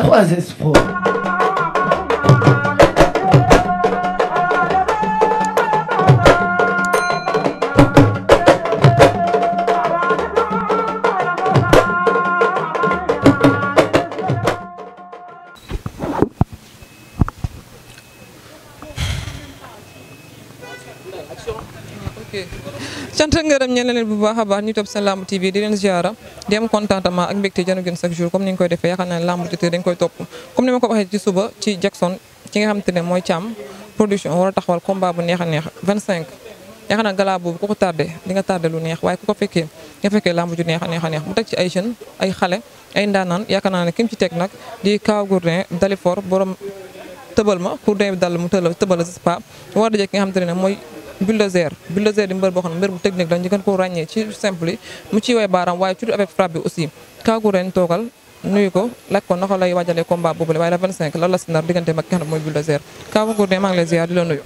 3S Pro. cant ngërëm ñeneen leen a baax ñu topp seen làmb TV di leen ziara di am contentement ak mbégte janu gën chaque jour comme ni ne ma ko waxee ci suba ci Jackson ci nga xam te ne mooy Thiam production war a taxawal combat bu neex a neex 25 yaakaar naa galaa boobu ku ko tardé di nga tardé lu neex waaye ku ko fekkee nga fekkee lamb ju neex neex a teg ci ay jeunes ay xale ay ndaanaan yaakaar naa ne kim ci teg nag di Kaw Gourdin Dalifor borom tëbal ma pour dee dal mu tëbal spa war a daje ki nga xam te ne mooy bulldozer bulldozer di mbër boo xam mbër bu technique la ñu koo ràññee ci simple yi mu ciy way baaraam waaye surtout avec frappe bi aussi kaagu ren nuyu ko laaj ko naka lay waajalee combat boobule waaye la 25 lan la si nar diggante mag ki nga mooy bulldozer kaagu gourne maa ngi di la nuyu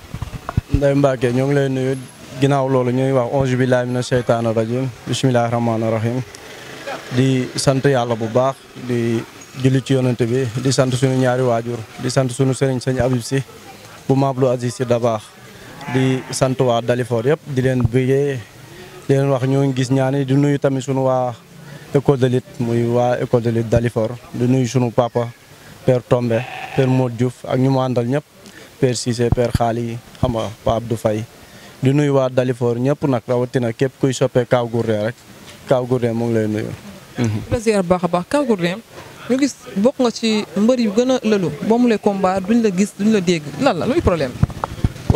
Ndeye Mbacke ñoo ngi lay nuyu ginnaaw loolu ñuy wax auzu billahi mina sheytaani rajim bismillahi rahmaani rahim di sant yàlla bu baax di julli ci yonante bi di sant suñu ñaari waajur di sant suñu sëriñ sëñ Abib si bu maablu Aziz si baax di sant waa Dalifort yëpp di leen bëggee di leen wax ñoo ngi gis ñaani di nuyu tamit suñu waa école de muy waa école de lutte Dalifort di nuyu suñu papa père Tombe père Modou Diouf ak ñu mu àndal ñëpp père per père yi xam nga du Abdou Faye di nuyu waa Dalifort ñëpp nag rawatina képp kuy soppee Kaw Gourdin rek Kaw Gourdin mu ngi lay nuyu. plaisir baax a baax Kaw Gourdin ñu gis bokk nga ci mbër yu gën a lëlu boo mu lay combat duñ la gis duñ la dégg lan la luy problème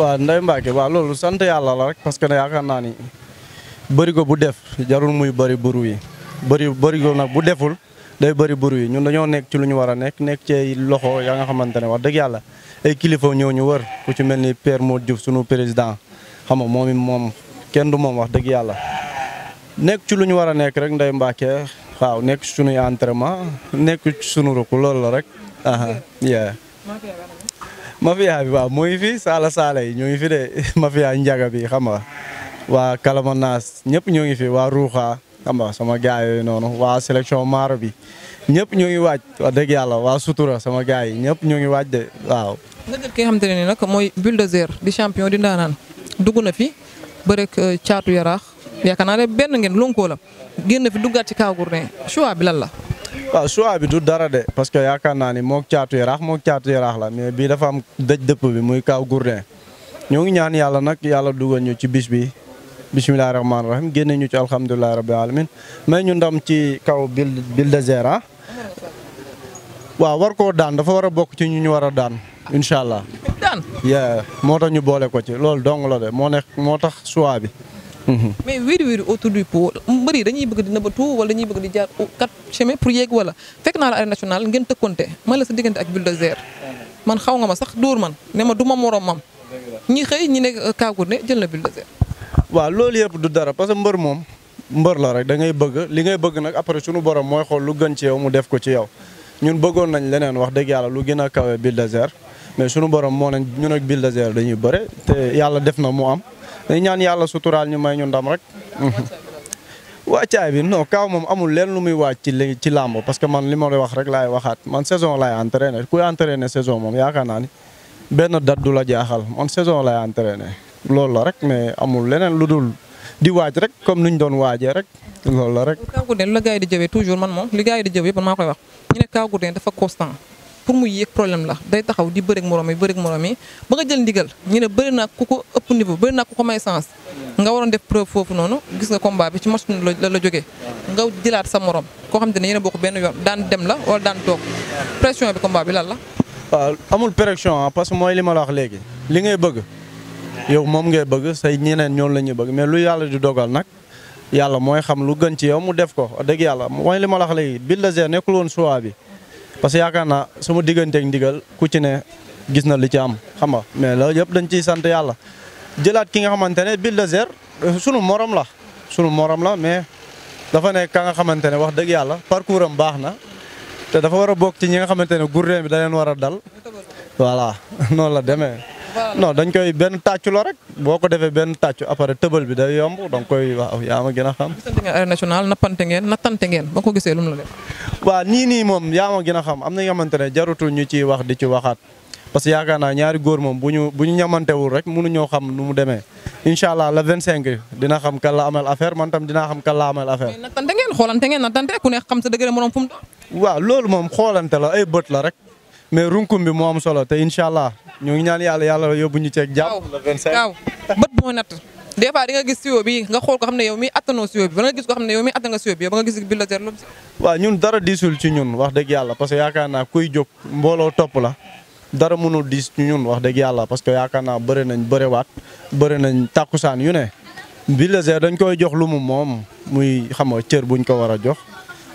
waaw nday mbaake waaw loolu sant yàlla la rek parce que yaakaar naa ni bërigo bu def jarul muy bëri buru yi bëri bërigo nag bu deful day bëri buru yi ñun dañoo nekk ci lu ñu war a nekk nekk ci loxo yaa nga xamante ne wax dëgg yàlla ay kilifa ñëw ñu wër ku ci mel ni Père Modou Diouf sunu président xam nga moom moom kenn du moom wax dëgg yàlla. nekk ci lu ñu war a nekk rek nday Mbacke waaw nekk ci sunuy entraînement nekk ci sunu rukk lool la rek. mafia bi waaw mooy ngi fi saala saala yi ñoo ngi fi de mafia njaga bi xam nga waa Kalamanaas ñëpp ñoo ngi fi waa Ruuxa xam sama gaay noonu waa sélection maaro bi ñëpp ñoo ngi waaj wax dëgg yàlla waa sutura sama gaay yi ñëpp ñoo ngi waaj de waaw. nga jël ki nga xamante ne nii nag mooy bulldozer di champion di ndaanaan dugg na fi bërek euh, caatu yaraax yaakaar naa ne benn ngeen lonko la génn fi duggaat ci Kagourne choix bi lan la. waaw choix bi du dara de parce que yaakaar naa ni moog caatu yaraax moog caatu yaraax la mais bii dafa am dëj dëpp bi muy Kaaw Gourdin ñoo ngi ñaan yàlla nag yàlla dugal ñu ci bis bi bisimilah rahmaani rahim génne ñu ci alhamdulilah rabbil alamin mais ñu ndam ci kaw bil bil désert waaw war ko daan dafa war a bokk ci ñu ñu war a daan incha allah. moo tax ñu boole ko ci loolu dong la de moo nekk moo tax choix bi. Mm-hmm. mais wéeru wéeru auto du pot mbër yi dañuy bëgg di nëbbatu wala dañuy bëgg di jaar quatre chemin pour yeeg wala fekk naa la arène nationale ngeen tëkkonte man la sa diggante ak bulldozer man xaw nga ma sax dóor man ne ma du ma moromam ñi xëy ñi ne euh, kaagur ne jël na bulldozer waaw loolu yëpp du dara parce que mbër moom mbër la rek da ngay bëgg li ngay bëgg nag après suñu borom mooy xool lu gën ci yow mu def ko ci yow ñun bëggoon nañ leneen wax dëgg yàlla lu gën a kawe bulldozer mais suñu borom moo nañ ñun ak bulldozer dañuy bëre yàlla def na mu am day ñaan yàlla suturaal ñu ma ñu ndam rek. wàccaay bi non kaw moom amul leen lu muy wàcc ci léegi ci làmb parce que man li ma lay wax rek laay waxaat man saison laay entraîné kuy entraîné saison moom yaakaar naa ni benn date du la jaaxal man saison laay entraîné loolu la rek mais amul leneen lu dul di waaj rek comme ni ñu doon waajee rek loolu la rek. Kaw Gourdin la gars yi di jëwee toujours man moom li gars di jëwee yëpp man maa koy wax ñu ne Kaw Gourdin dafa constant. pour mu yéeg problème la day taxaw di bëreeg morom yi bëreeg morom yi ba nga jël ndigal ñu bëri naa ku ko ëpp niveau bëri naa ku ko may sens nga waroon def preuve foofu noonu gis nga combat bi ci match la la jógee nga jëlaat sa morom koo xam te ne yéen a bokk benn yoon daan dem la wala daan toog pression bi combat bi lan la. waaw amul pression ah, parce que mooy li ma la wax léegi li ngay bëgg yow moom ngay bëgg sa ñeneen ñoom la ñuy bëgg mais lu yàlla di dogal nag yàlla xam lu gën ci yow mu def ko dëgg yàlla mooy li ma la wax léegi bil parce que yaakaar naa sama digganteeg ndigal ku ci ne gis na li ci am xam nga mais loolu yëpp dañ ciy sant yàlla jëlaat ki nga xamante ne Bulldozer sunu morom la sunu morom la mais dafa nekk ka nga xamante ne wax dëgg yàlla parcours am baax na te dafa war a bokk ci ñi nga xamante ne gourdin bi daleen leen war a dal voilà noonu la demee. non dañ koy benn tàccu la rek boo ko defee benn tàccu après tëbal bi day yomb donc koy waaw yaa a xam. gisante ngeen nappante ngeen nattante ngeen boo ko gisee lu mu la def. waaw moom yaa ma gën xam am na xamante ne jarutul ñu ciy wax di ci waxaat parce que yaakaar naa ñaari góor moom bu ñu bu ñu ñamantewul rek mënuñoo xam nu mu demee incha allah le 25 dina xam kan la amal affaire man tam dinaa xam kan la amal affaire. mais nattante ngeen xoolante ngeen nattante ku ne xam sa dëgg la morom fu mu. waaw loolu moom xoolante la ay bët la rek mais runkum bi moom solo te incha allah ñoo ngi ñaan yàlla yàlla yóbbu ñu ceeg jàpp. le 25 waaw bët moo natt des fois gis siwo bi nga xool ko xam ne yow mi attanoo siwo bi ba nga gis ko xam ne yow mi attan nga siwo bi yow ba nga gis bi la jar loolu. waaw ñun dara diisul ci ñun wax dëgg yàlla parce que yaakaar naa kuy jóg mbooloo topp la dara mënul diis ci ñun wax dëgg yàlla parce que yaakaar naa bëri nañ bëriwaat bëri nañ tàkkusaan yu ne. bi la dañ koy jox lu mu moom muy xam nga cër buñ ko war a jox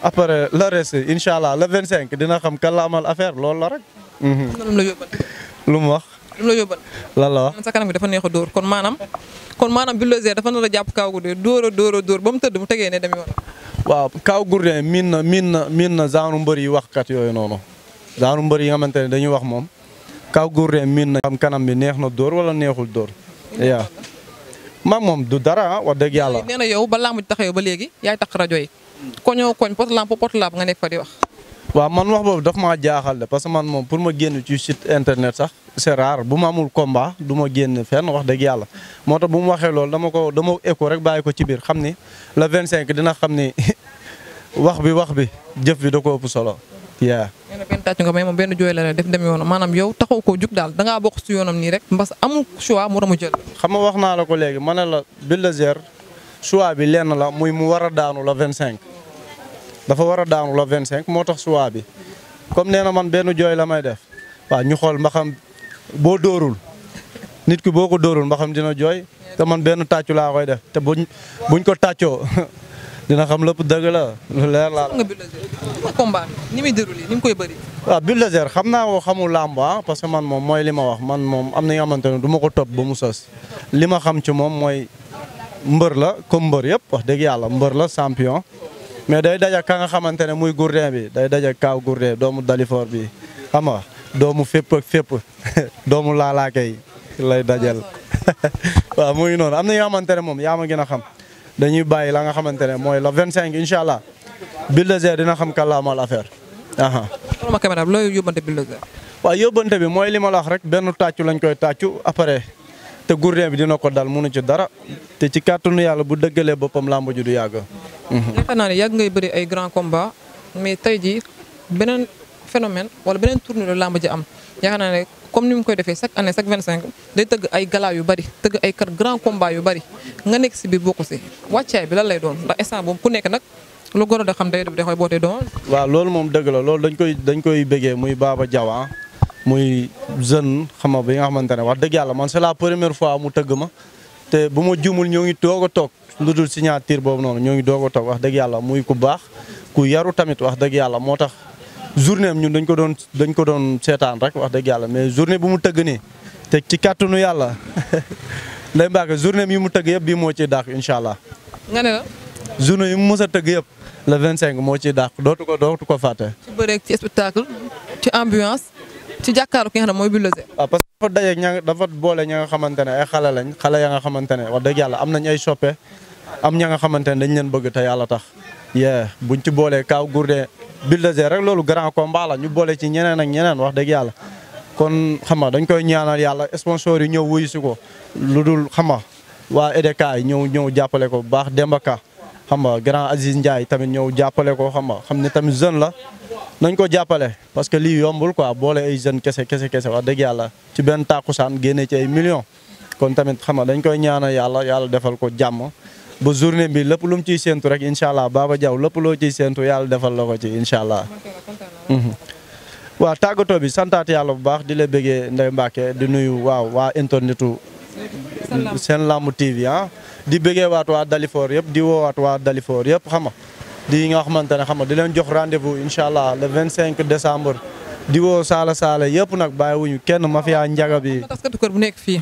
après le reste incha allah le 25 dina xam kan la amal affaire loolu la rek. Mm-hmm. lu mu wax. lu la yóbbal lan la wax sa kanam gi dafa neex a dóor kon maanaam kon maanaam Bulldozer dafa nar a jàpp Kaw Gourdin dóor dóor a dóor mu tëdd mu tegee ne dem waaw Kaw Gourdin miin na miin na miin na genre mbër yi waxkat yooyu noonu genre mbër yi nga xamante ne dañuy wax moom Kaw Gourdin miin na xam kanam bi neex na dóor wala neexul dóor yaa maag moom du dara ah, wax dëgg yàlla nee na yow balaa laamu taxawee ba léegi yaay tax rajo yi koñoo koñ pot lamp pot lamp nga nekk fa di wax. waaw man wax boobu daf maa jaaxal de parce que man moom pour ma génn ci site internet sax c'est bu ma amul combat du ma génn fenn wax dëgg yàlla moo tax bu mu waxee loolu dama ko dama écho rek bàyyi ko ci biir xam ni le 25 dina xam ni wax bi wax bi jëf bi da ko ëpp solo. yaa ngi benn tàcc nga may moom benn jooy la la def dem yoonam maanaam yow taxaw koo jug daal da bokk si yoonam nii rek mbas amul choix mu ramu jël. xam ma wax naa la ko léegi ma ne la Bulldozer choix bi lenn la muy mu war a daanu vingt cinq dafa war a daanu la vingt cinq moo tax choix bi comme nee na man benn jooy la may def waaw ñu xool mba boo dóorul nit ki boo ko dóorul mba xam dina jooy te man benn tàccu laa koy def te buñ buñ ko tàccoo dina xam lépp dëgg la lu leer laa combat ni muy déroulé koy bëri waaw Bulldozer xam naa ko xamul làmb ah parce que man moom mooy li ma wax man moom am na nga xamante ne du ma ko topp ba mu sos li ma xam ci moom mooy mbër la comme mbër yëpp wax dëgg yàlla mbër la champion. mais day daja ka nga xamante ne muy gourdin bi day daja kaaw gourdin doomu dalifoor bi xam nga doomu fépp fép fépp doomu laalaakay lay dajal waaw muy noonu am na yoo xamante ne moom yaa ma gën a xam dañuy bàyyi la nga xamante ne mooy le 25 incha allah Bulldozer dina xam kan la amal affaire. xool ma caméra bi looy yóbbante yóbbante bi mooy li ma la wax rek benn tàccu lañ koy tàccu après. te gourdin bi dina ko dal munu ci dara te ci kàttanu yàlla bu dëggalee boppam làmb ji du yàgg. yaakaar mhm. naa ne yàgg ngay bëri ay grand combat mais tey jii beneen phénomène wala beneen tournée la làmb ji am yaa naa ne comme ni mu koy defee chaque année chaque vingt cinq day tëgg ay gala yu bari tëgg ay kat grand combat yu bari nga nekk si biir bokku si wàccaay bi lan lay doon ndax instant boobu ku nekk nag lu goro da xam day def da koy bootee doon. waaw loolu moom dëgg la loolu dañ koy dañ koy bëggee muy Baba Diaw ah. muy jeune xama bi nga xamante ne wax dëgg yàlla man c'est la première fois mu tëgg ma te bu ma juumul ñoo ngi doog a toog lu dul signature boobu noonu ñoo ngi doog a toog wax dëgg yàlla muy ku baax ku yaru tamit wax dëgg yàlla moo tax journée am ñun dañ ko doon dañ ko doon seetaan rek wax dëgg yàlla mais journée bu mu tëgg nii te ci kàttanu yàlla nday mbaake journée yi mu tëgg yëpp bii moo ciy dàq incha allah. nga ne la. yi mu mës tëgg yëpp le 25 moo ciy dàq dootu ko dootu ko fàtte. ci bëreeg ci spectacle ci ambiance. ci jàkkaar ki nga mooy Bulldozer. waaw ah, parce que dafa ña dafa boole ña nga xamante ne ay xale lañ xale ya nga xamante ne wax dëgg yàlla am nañ ay soppe am ña nga xamante ne dañ leen bëgg te yàlla tax. yee buñ ci boolee Kaw Gourdin Bulldozer rek loolu grand combat ñu boole ci ñeneen ak ñeneen wax dëgg yàlla kon xam nga dañ koy ñaanal yàlla sponsor yi ñëw wuyu si ko lu dul xam nga waa EDK yi ñëw ñëw jàppale ko bu baax Demba xam nga grand Aziz Ndiaye tamit ñëw jàppale ko xam nga xam ne tamit jeune la nañ ko jàppale parce que lii yombul quoi boole ay jeunes kese kese kese wax dëgg yàlla ci benn tàkkusaan génne ci ay millions. kon tamit xam nga dañ koy ñaanal yàlla yàlla defal ko jàmm ba journée bi lépp lu ciy séentu rek incha allah Baba jaw lépp loo ciy séentu yàlla defal la ko ci incha allah. Mhm. waa tàggatoo bi santaat yàlla bu baax di la bëggee Ndeye Mbacke di nuyu waaw waa internetu seen lamb TV ah di bëggee waat waa Dalifor yëpp di woowaat waa dalifoo yëpp xam nga di nga xamante ne xam nga di leen jox rendez-vous incha allah le 25 décembre di woo saala saala yëpp nag bàyyiwuñu kenn mafia njaga bi. taskatu kër bu nekk fii.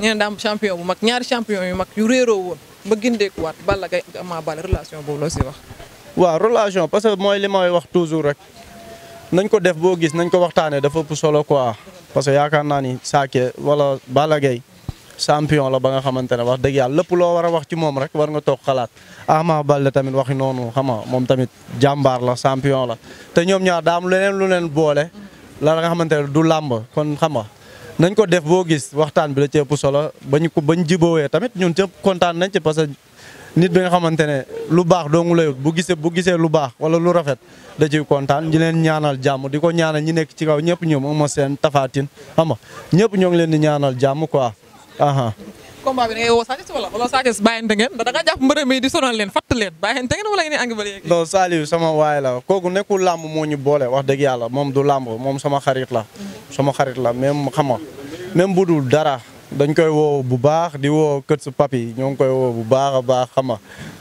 nee na daam champion bu mag ñaari champion yu mag yu réeroo woon ba gindeekuwaat Balla Gaye ak Ama Baldé relation boobu loo si wax. waaw relation parce que mooy li may wax toujours rek nañ ko def boo gis nañ ko waxtaanee dafa ëpp solo quoi parce que yaakaar naa ni Sa wala Balla Gaye champion la ba nga xamante ne wax dëgg yàlla lépp loo war a wax ci moom rek war nga toog xalaat Ama Baldé tamit waxi noonu xam nga moom tamit jàmbaar la champion la te ñoom ñaar daam am leneen lu leen boole la nga xamante ne du làmb kon xam nga nañ ko def boo gis waxtaan bi la ci ëpp solo bañ ko bañ jiboowee tamit ñun cëpp kontaan nañ ci parce que nit bi nga xamante ne lu baax doomu layut bu gisee bu gisee lu baax wala lu rafet da ciy kontaan di leen ñaanal jàmm di ko ñaanal ñu nekk ci kaw ñëpp ñoom ama seen tafaatin xam ñëpp ñoo ngi leen di ñaanal jàmm quoi combat bi da ngay woo Sa Thiès wala Sa Thiès bàyyante da nga jàpp mbërëm mi di sonal leen fatt leen bàyyante ngeen wala ngeen angi ba léegi non Saliou sama waay la kooku nekkul làmb moo ñu boole wax dëgg yàlla moom du làmb moom sama xarit la mm-hmm. sama xarit la même xam nga même budul dara dañ koy woo bu baax di woo kër su papi ñoo ngi koy woo bu baax a baax xam nga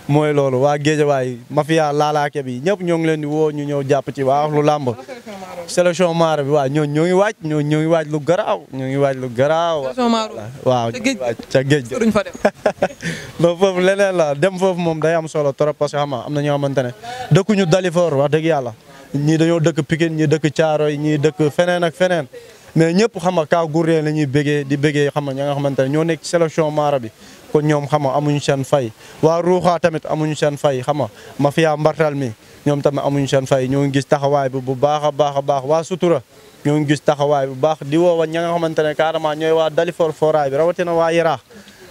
mooy loolu waa waay mafia laalaake bi ñëpp ñoo ngi leen di woo ñu ñëw jàpp ci waa lu làmb sélection maar bi waaw ñoo ñoo ngi waaj ñoo ñoo ngi waaj lu garaaw ñoo ngi waaj lu garaaw waaw ca géej non foofu leneen la dem foofu moom day am solo trop parce que xam nga am na ñoo xamante ne dëkkuñu Dalifor wax dëgg yàlla ñii dañoo dëkk Pikine ñii dëkk Thiaroye ñii dëkk feneen ak feneen mais ñëpp xam nga Kaw Gourdin la ñuy bëggee di bëggee xam nga ña nga xamante ne ñoo nekk sélection Mara bi ko ñoom xam nga amuñu seen fay waa Ruuxa tamit amuñu seen fay xam nga mafia mbartal mi ñoom tamit amuñu seen fay ñoo ngi gis taxawaay bi bu baax a baax a baax waa Sutura ñoo ngi gis taxawaay bu baax di woo wa ña nga xamante ne carrément ñooy waa Dalifor foraay bi rawatina waa Yaraax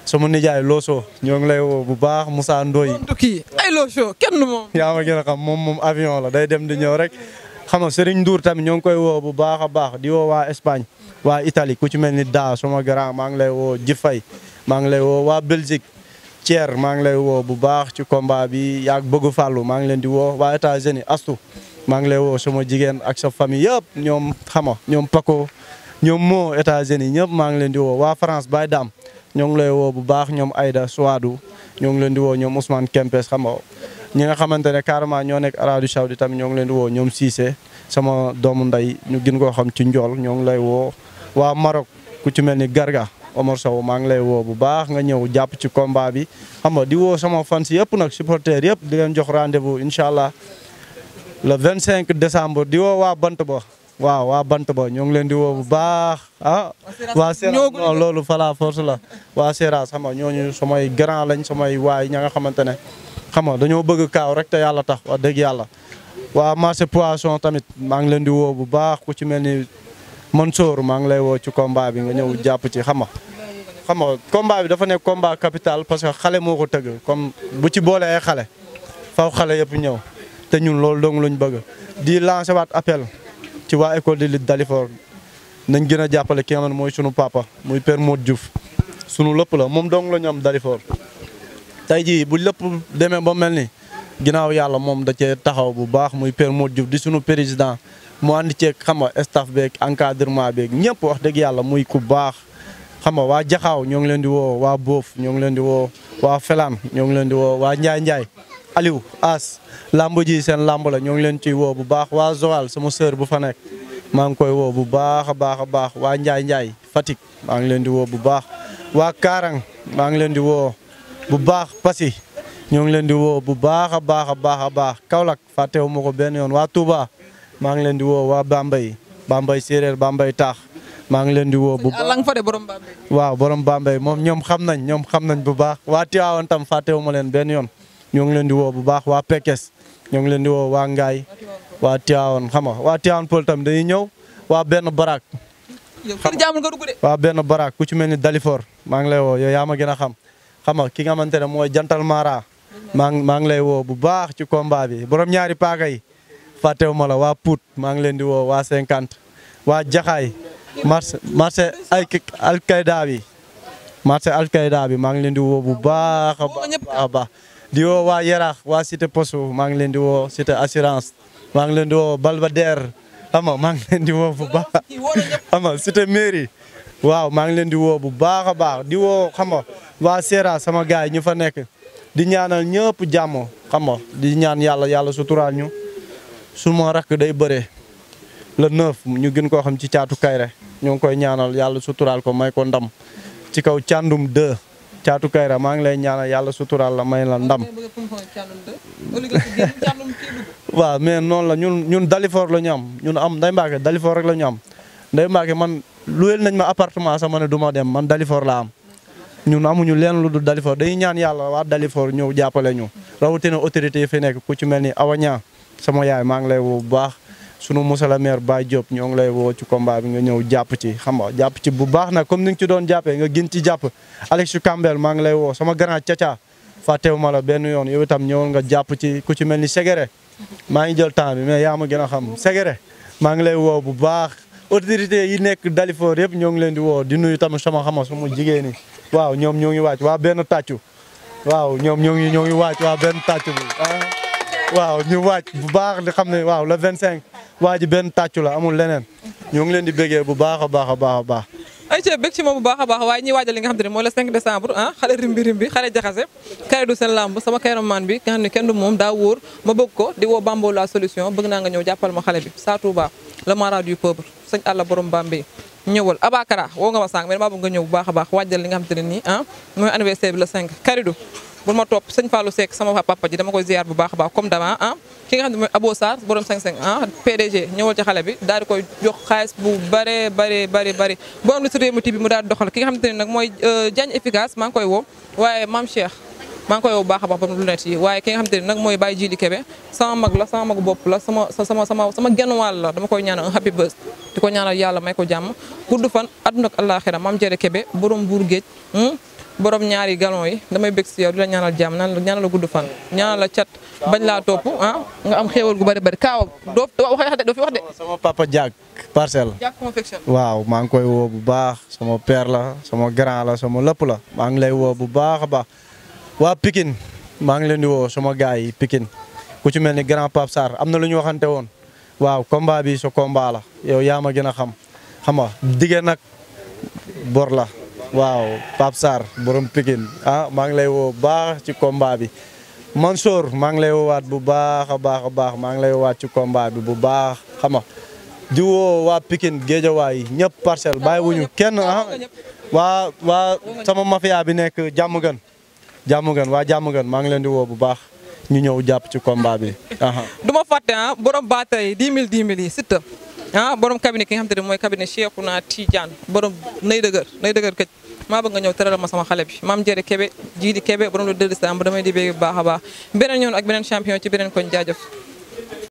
sama nijaay Loosoo ñoo ngi lay woo bu baax Moussa Ndoye. moom du kii ay Loosoo kenn moom. yaa ma xam moom moom avion la day dem di ñëw rek. xam nga Serigne Ndour tamit ñoo ngi koy woo bu baax a baax di woo waa Espagne waa itali ku ci mel ni daa sama grand maa ngi lay woo Jifay maa ngi lay woo waa Belgique Thier maa ngi lay woo bu baax ci combat bi yaag bëgg fallu maa ngi leen di woo waa États-Unis astu maa ngi lay woo sama jigéen ak sa famille yëpp ñoom xama ñoom Paco ñoom moo États-Unis ñëpp maa ngi leen di woo waa France baa daam ñoo ngi lay woo bu baax ñoom ayda Souadou ñoo ngi leen di woo ñoom Ousmane Kempes xam ñi nga xamante ne carrément ñoo nekk Arabie Saoudite tamit ñoo ngi leen di woo ñoom Cissé sama doomu ndey ñu gën koo xam ci njool ñoo ngi lay woo waa Maroc ku ci mel ni Garga Omar Sow maa ngi lay woo bu baax nga ñëw jàpp ci kombaa bi xam nga di woo sama fans yëpp nag supporter yëpp di leen jox rendez-vous incha allah le 25 décembre di woo waa bant ba waaw waa bant ba ñoo ngi leen di woo bu baax ah waa Seras non loolu fala force la waa Seras xam nga ñooñu samay grand lañ samay waay ña nga xamante ne xam nga dañoo bëgg kaaw rek te yàlla tax waa dëgg yàlla waa marché poisson tamit maa ngi leen di woo bu baax ku ci mel ni soor maa ngi lay woo ci combat bi nga ñëw jàpp ci xam nga xam nga combat bi dafa nekk combat capital parce que xale moo ko tëgg comme bu ci boole ay xale faw xale yëpp ñëw te ñun loolu dong lañ bëgg di lancer waat appel ci waa école di dalifoor Dalifort nañ gën a jàppale ki nga mooy sunu papa muy père Modou sunu lëpp la moom dong la ñu am Dalifort tey jii bu lépp demee ba mel ni ginaaw yàlla moom da cee taxaw bu baax muy père Modou Diouf di sunu président mu ànd ceeg xam nga staff beeg encadrement beeg ñëpp wax dëgg yàlla muy ku baax. xam nga waa jaxaw ñoo ngi leen di woo waa Boof ñoo ngi leen di woo waa felaan ñoo ngi leen di woo waa Njaay Njaay Aliou As làmb ji seen làmb la ñoo ngi leen ciy woo bu baax waa Joal sama sœur bu fa nekk maa koy woo bu baax a baax a baax waa Njaay Njaay Fatick maa ngi leen di woo bu baax waa Kaarang ngi leen di bu baax Passy ñoo ngi leen di woo bu baax a baax a baax a baax Kaolack fàttewu ma ko benn yoon waa Touba maa ngi leen di woo waa Bambey Bambey séeréer Bambey taax maa ngi leen di woo bu waaw borom Bambey moom ñoom xam nañ ñoom xam nañ bu baax waa Tiwaawan tam fàttewu ma leen benn yoon ñoo ngi leen di woo bu baax waa Pekes ñoo ngi leen di woo waa Ngaay waa woon xam nga waa Tiwaawan Pël tam dañuy ñëw waa benn baraak waa benn baraak ku ci mel ni Dalifor maa ngi lay woo yow yaa ma gën a xam xam nga ki nga xamante ne mooy jantal Mara maa maa ngi lay woo bu baax ci combat bi borom ñaari paaka yi fàttewu ma la waa Pout maa ngi leen di woo waa 50 waa Jaxaay marché marché ay alkayda bi marché bi maa ngi leen di woo bu baax a di woo waa Yarax waa cité posu maa ngi leen di woo cité assurance maa ngi leen di woo Balbadère xam nga maa ngi leen di woo bu waaw maa ngi leen di woo bu baax a baax di woo xam nga waa Seera sama gars yi ñu fa nekk di ñaanal ñëpp jàmm xam nga di ñaan yàlla yàlla suturaal ñu su ma rakk day bëree le neuf ñu gën koo xam ci caatu kayre ñoo ngi koy ñaanal yàlla suturaal ko may ko ndam ci kaw càndum 2 caatu kayre maa ngi lay ñaanal yàlla suturaal la may la ndam. waaw mais noonu la ñun ñun Dalifor la ñu am ñun am Ndeye Mbacke Dalifor rek la ñu am Ndeye Mbacke man luyel nañ ma appartement sama ne du ma dem man Dalifor la am. ñun amuñu leen lu du Dalifort dañuy ñaan yàlla waa Dalifort ñëw jàppale ñu rawatina autorité yi fi nekk ku ci mel ni awaña sama yaay maa ngi lay woo bu baax sunu musala maire Baye Diop ñoo ngi lay woo ci combat bi nga ñëw jàpp ci xam nga jàpp ci bu baax nag comme ni nga ci doon jàppee nga gën ci jàpp Alex Kambel maa ngi lay woo sama grand caca fàttewuma la yoon yow itam ñëwoon nga jàpp ci ku ci mel ni Ségéré maa ngi jël temps bi mais yaa ma gën a xam Ségéré maa ngi lay woo bu baax autorité yi nekk Dalifort yëpp ñoo ngi leen di woo di nuyu tamit sama xama sama jigéen ñi waaw ñoom ñoo ngi wàcc waa benn tàccu waaw ñoom ñoo ngi ñoo ngi wàcc waa benn tàccu bi ah. waaw ñu wàcc bu baax di xam ne waaw le 25 waa ji benn tàccu la amul leneen ñoo ngi leen di béggee bu baax a baax a baax a baax ay ci bég ci moom bu baax a baax waaye ñuy waajal li nga xam te ne mooy le 5 décembre ah xale rimbi rimbi xale jaxase kare du seen làmb sama cameraman bi nga xam ne kenn du moom daa wóor ma bëgg ko di woo Bambo la solution bëgg naa nga ñëw jàppal ma xale bi saa Touba le mara du peuple sëñ àlla borom Bambey ñëwal Abakara woo nga ma sànq mais damaa bëgg nga ñëw bu baax a baax waajal li nga xam te ne nii ah, mooy anniversaire bi le 5 Karidou bu ma topp sëñ Fallou Seck sama papa ji dama koy ziar bu baax a baax comme dama ah ki nga xam ne mooy Abo Sarr ah, xale bi daal di koy jox xaalis bu bare bare bare bare borom li si réew bi mu daal di doxal ki nga xam ne nag mooy euh, Diagne efficace maa ngi koy woo waaye Mame Cheikh maa bu baax a baax ba lunette yi waaye ki nga te ne nag mooy Baye Djili Kébé sama mag la sama la sama sama sama sama genn la dama koy ñaanal un happy buzz di ko ñaanal yàlla may ko jàmm gudd fan àdduna ak àllaaxira maam jëre Kébé borom buur géej hmm, borom ñaari galon yi damay bég si yow ñaanal jàmm naan ñaanal la gudd fan ñaanal la cat bañ laa topp ah nga am xéewal gu bari bari kaaw doo wax de doo fi wax de sama papa Diak parcelle Diak confection waaw maa ngi koy woo bu baax sama père la sama grand la sama lépp la maa ngi lay woo bu baax a baax waa pikin maa ngi leen di woo sama gars yi Pikine ku ci mel ni grand Pape am na lu ñu waxante woon waaw combat bi sa combat la yow yaa ma gën a xam xam nga dige nag bor la waaw Pape Sarr borom pikin ah maa ngi lay woo baax ci combat bi Mansour maa ngi lay woowaat bu baax a baax a baax maa ngi lay woowaat ci combat bi bu baax xam nga di woo waa Pikine Géejawaay ñëpp parcelle bàyyi wuñu kenn ah waa waa sama mafia bi nekk jàmm gën jàmm gan waa jàmm gan maa ngi leen di woo bu baax ñu ñëw jàpp ci combat bi. du ma fàtte ah borom baata yi 10 000 10 000 yi Siteu ah borom cabinet ki nga xam te ne mooy cabinet Cheikhouna Tidiane borom nay dëgër nay dëgër këj maa bëgg nga ñëw tëral ma sama xale bi maam jëre Kébé jii di Kébé borom lu dëdd si am damay di bég bu baax a baax beneen ñoon ak beneen champion ci beneen koñ jaajëf.